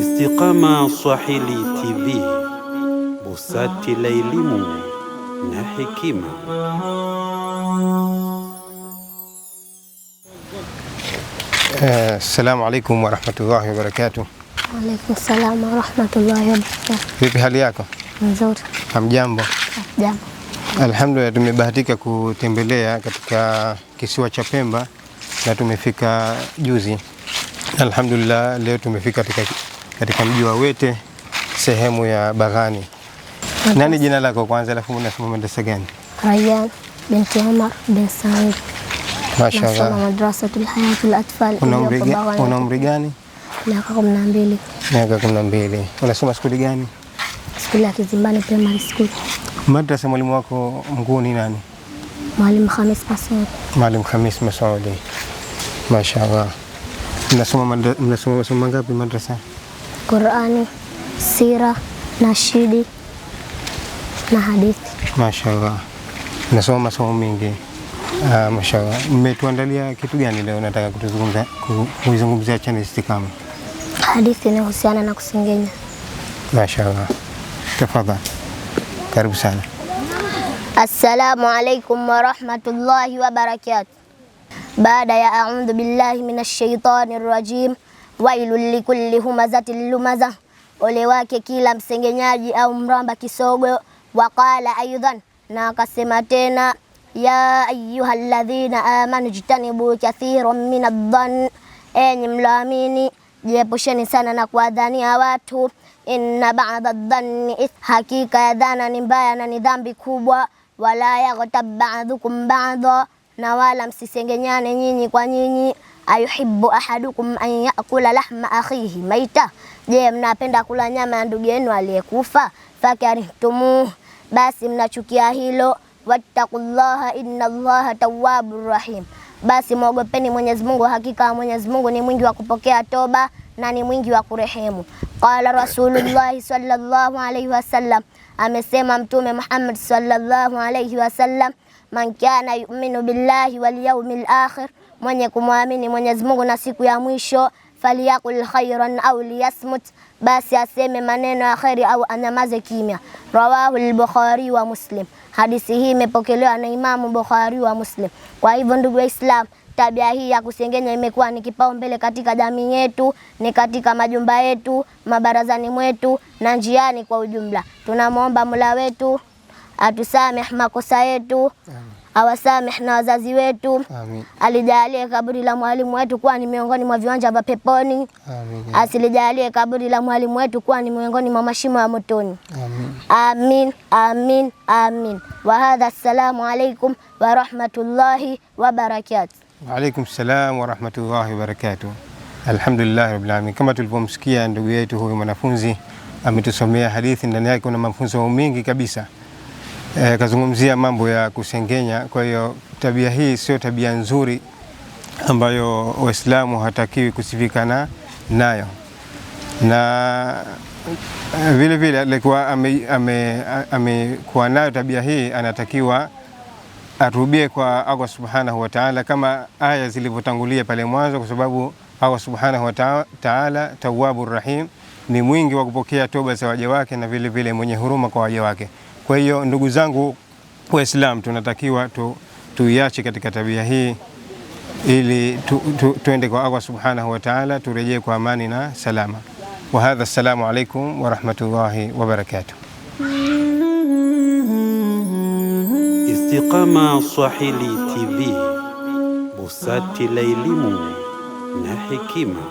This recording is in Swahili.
Istiqama Swahili TV, busati la elimu na hekima. Assalamu eh, alaikum warahmatullahi wabarakatuh. Waalaikum salam warahmatullahi wabarakatuh. Vipi hali yako? Nzuri. Hamjambo? Hamjambo. Alhamdulillah, tumebahatika kutembelea katika kisiwa cha Pemba na tumefika juzi alhamdulillah. Leo tumefika katika, katika mji wa Wete sehemu ya Baghani. Nani jina lako kwanza, alafu unasoma madrasa gani? Raya binti Omar bin Said. Mashallah. Madrasatul Hayatul Atfal. Una umri gani? Miaka kumi na mbili. Miaka kumi na mbili. Unasoma skuli gani? Skuli ya Kizimbani Primary School. Madrasa mwalimu wako mkuu ni nani? Mwalimu Khamis Masudi. Mwalimu Khamis Masudi mashallah Mnasoma mnasoma masomo mangapi madrasa? Qurani, sira, nashidi na hadithi. mashallah Mnasoma masomo mengi. Uh, ah, mashaallah. Mmetuandalia kitu gani leo? Nataka kutuzungumza kuizungumzia chana Istiqama. Hadithi inahusiana na kusengenya. Mashaallah. Tafadhali. Karibu sana. Assalamu alaikum warahmatullahi wabarakatuh baada ya a'udhu billahi minash shaitani rajim, wailu likulli humazati lumaza, ole wake kila msengenyaji au mramba kisogo. Waqala aidan, na akasema tena, ya ayuha alladhina amanu jtanibu kathiran min adhan, enyi mlaamini jiepusheni sana na kuwadhania watu. Inna ba'da dhanni, hakika ya dhana ni mbaya na ni dhambi kubwa. Wala yaghtab ba'dukum ba'dha na wala msisengenyane nyinyi kwa nyinyi. Ayuhibbu ahadukum an yakula lahma akhihi maita, je, mnapenda kula nyama ya ndugu yenu aliyekufa? Fakarihtumuh, basi mnachukia hilo. Wattaqullaha inna allaha tawwabur rahim, basi mwogopeni Mwenyezi Mungu, hakika Mwenyezi Mungu ni mwingi wa kupokea toba na ni mwingi wa kurehemu. Qala Rasulullahi sallallahu alayhi wasallam, amesema Mtume Muhammad sallallahu alayhi wasallam man kana yuminu billahi wal yawmil akhir, mwenye kumwamini Mwenyezi Mungu na siku ya mwisho. Faliyakul khairan au liyasmut, basi aseme maneno ya kheri au anyamaze kimya. Rawahu al-Bukhari wa Muslim. Hadisi hii imepokelewa na Imamu Bukhari wa Muslim. Kwa hivyo, ndugu Waislam, tabia hii ya kusengenya imekuwa ni kipaumbele katika jamii yetu, ni katika majumba yetu, mabarazani mwetu na njiani kwa ujumla. Tunamwomba Mola wetu atusameh makosa yetu, awasameh na wazazi wetu, alijalie kaburi la mwalimu wetu kuwa ni miongoni mwa viwanja vya peponi, asilijalie kaburi la mwalimu wetu kuwa ni miongoni mwa mashimo ya motoni. Amin, amin, amin. Wa hadha, assalamu alaikum wa rahmatullahi wa barakatuh. Wa alaikum salam wa rahmatullahi wa barakatuh. Alhamdulillahi rabbil alamin. Kama tulivyomsikia ndugu yetu huyu mwanafunzi ametusomea hadithi, ndani yake kuna mafunzo mengi kabisa eh, kazungumzia mambo ya kusengenya. Kwa hiyo tabia hii sio tabia nzuri ambayo Waislamu hatakiwi kusifikana nayo, na eh, vile vile alikuwa amekuwa ame, ame nayo tabia hii, anatakiwa atubie kwa Allah subhanahu wa ta'ala, kama aya zilivyotangulia pale mwanzo, kwa sababu Allah subhanahu wa ta'ala tawwabur rahim, ni mwingi wa kupokea toba za waja wake na vile vile mwenye huruma kwa waja wake. Kwa hiyo ndugu zangu Waislamu, tunatakiwa tu, tuiache katika tabia hii ili tu, tu, tuende kwa Allah subhanahu wa ta'ala, turejee kwa amani na salama. Wa hadha, assalamu alaikum wa rahmatullahi wa barakatuh. Istiqama Swahili TV, busati la elimu na hikima